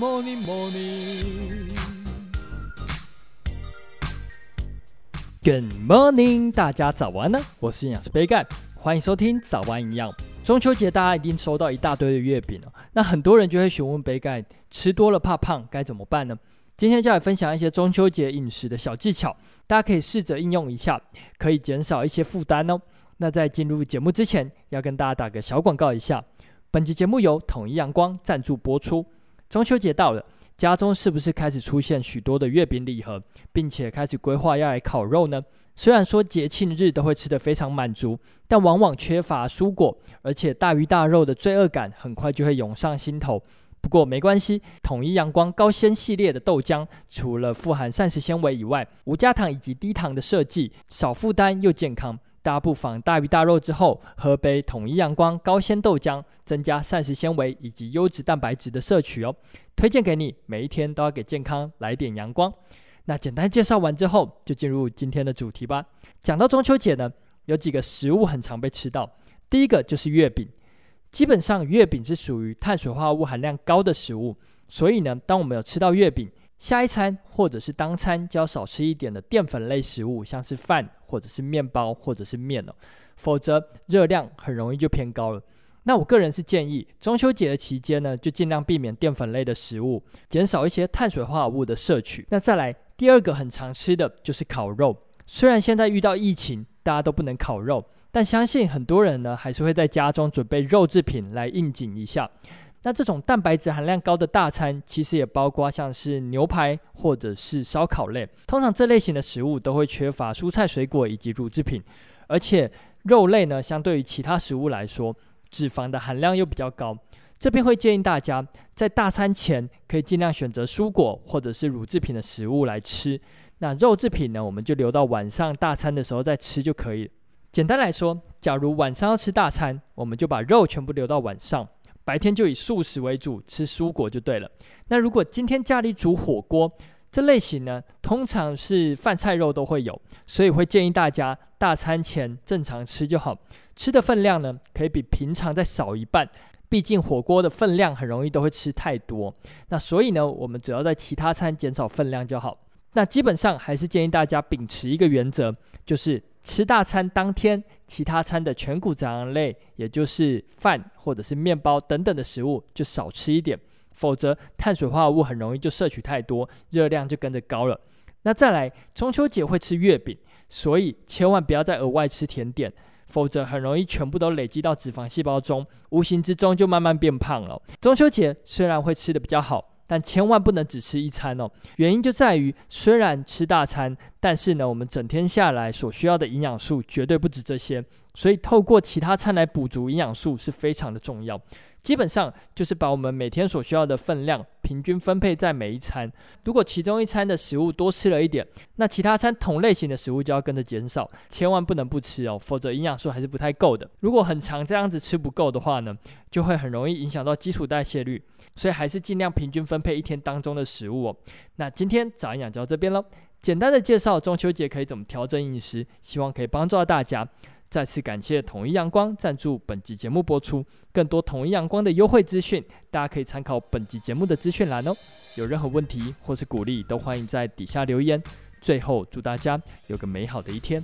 Morning, morning. Good morning，大家早安呢！我是營養師杯蓋，歡迎收聽早安營養。中秋節大家一定收到一大堆的月餅哦。那很多人就會詢問杯蓋，吃多了怕胖該怎麼辦呢？今天就來分享一些中秋節飲食的小技巧，大家可以試着應用一下，可以減少一些負擔哦。那在進入節目之前，要跟大家打個小廣告一下，本集節目由統一陽光贊助播出。中秋節到了，家中是不是開始出現許多的月餅禮盒，並且開始規劃要來烤肉呢？雖然說節慶日都會吃得非常滿足，但往往缺乏蔬果，而且大魚大肉的罪惡感很快就會湧上心頭。不過沒關係，統一陽光高纖系列的豆漿，除了富含膳食纖維以外，無加糖以及低糖的設計，少負擔又健康。大家不妨大魚大肉之後喝杯統一陽光高纖豆漿，增加膳食纖維以及優質蛋白質的攝取哦。推薦給你，每一天都要給健康來點陽光。那簡單介紹完之後，就進入今天的主題吧。講到中秋節呢，有幾個食物很常被吃到，第一個就是月餅。基本上月餅是屬於碳水化合物含量高的食物，所以呢，當我們有吃到月餅，下一餐或者是當餐就要少吃一點的澱粉類食物，像是飯或者是麵包或者是麵哦，否則熱量很容易就偏高了。那我個人是建議，中秋節的期間呢，就盡量避免澱粉類的食物，減少一些碳水化合物的攝取。那再來第二個很常吃的就是烤肉，雖然現在遇到疫情，大家都不能烤肉，但相信很多人呢，還是會在家中準備肉製品來應景一下。那這種蛋白質含量高的大餐，其實也包括像是牛排或者是燒烤類。通常這類型的食物都會缺乏蔬菜、水果以及乳製品，而且肉類呢，相對於其他食物來說，脂肪的含量又比較高。這邊會建議大家，在大餐前可以盡量選擇蔬果或者是乳製品的食物來吃。那肉製品呢，我們就留到晚上大餐的時候再吃就可以。簡單來說，假如晚上要吃大餐，我們就把肉全部留到晚上。白天就以素食為主，吃蔬果就對了。那如果今天家裡煮火鍋，這類型呢，通常是飯菜肉都會有，所以會建議大家大餐前正常吃就好，吃的分量呢，可以比平常再少一半。畢竟火鍋的分量很容易都會吃太多，那所以呢，我們只要在其他餐減少分量就好。那基本上還是建議大家秉持一個原則，就是。吃大餐當天，其他餐的全穀雜糧類，也就是飯或者是麵包等等的食物，就少吃一點，否則碳水化合物很容易就攝取太多，熱量就跟着高了。那再來，中秋節會吃月餅，所以千萬不要再額外吃甜點，否則很容易全部都累積到脂肪細胞中，無形之中就慢慢變胖了。中秋節雖然會吃得比較好。但千萬不能只吃一餐哦，原因就在於，雖然吃大餐，但是呢，我們整天下來所需要的營養素絕對不止這些，所以透過其他餐來補足營養素是非常的重要。基本上就是把我們每天所需要的分量。平均分配在每一餐。如果其中一餐的食物多吃了一點，那其他餐同類型的食物就要跟着減少，千萬不能不吃哦，否則營養素還是不太夠的。如果很常這樣子吃不夠的話呢，就會很容易影響到基礎代謝率，所以還是盡量平均分配一天當中的食物哦。那今天早安營養就到這邊囉，簡單的介紹中秋節可以怎麼調整飲食，希望可以幫助到大家。再次感謝統一陽光贊助本集節目播出，更多統一陽光的優惠資訊，大家可以參考本集節目的資訊欄哦。有任何問題或是鼓勵，都歡迎在底下留言。最後，祝大家有個美好的一天。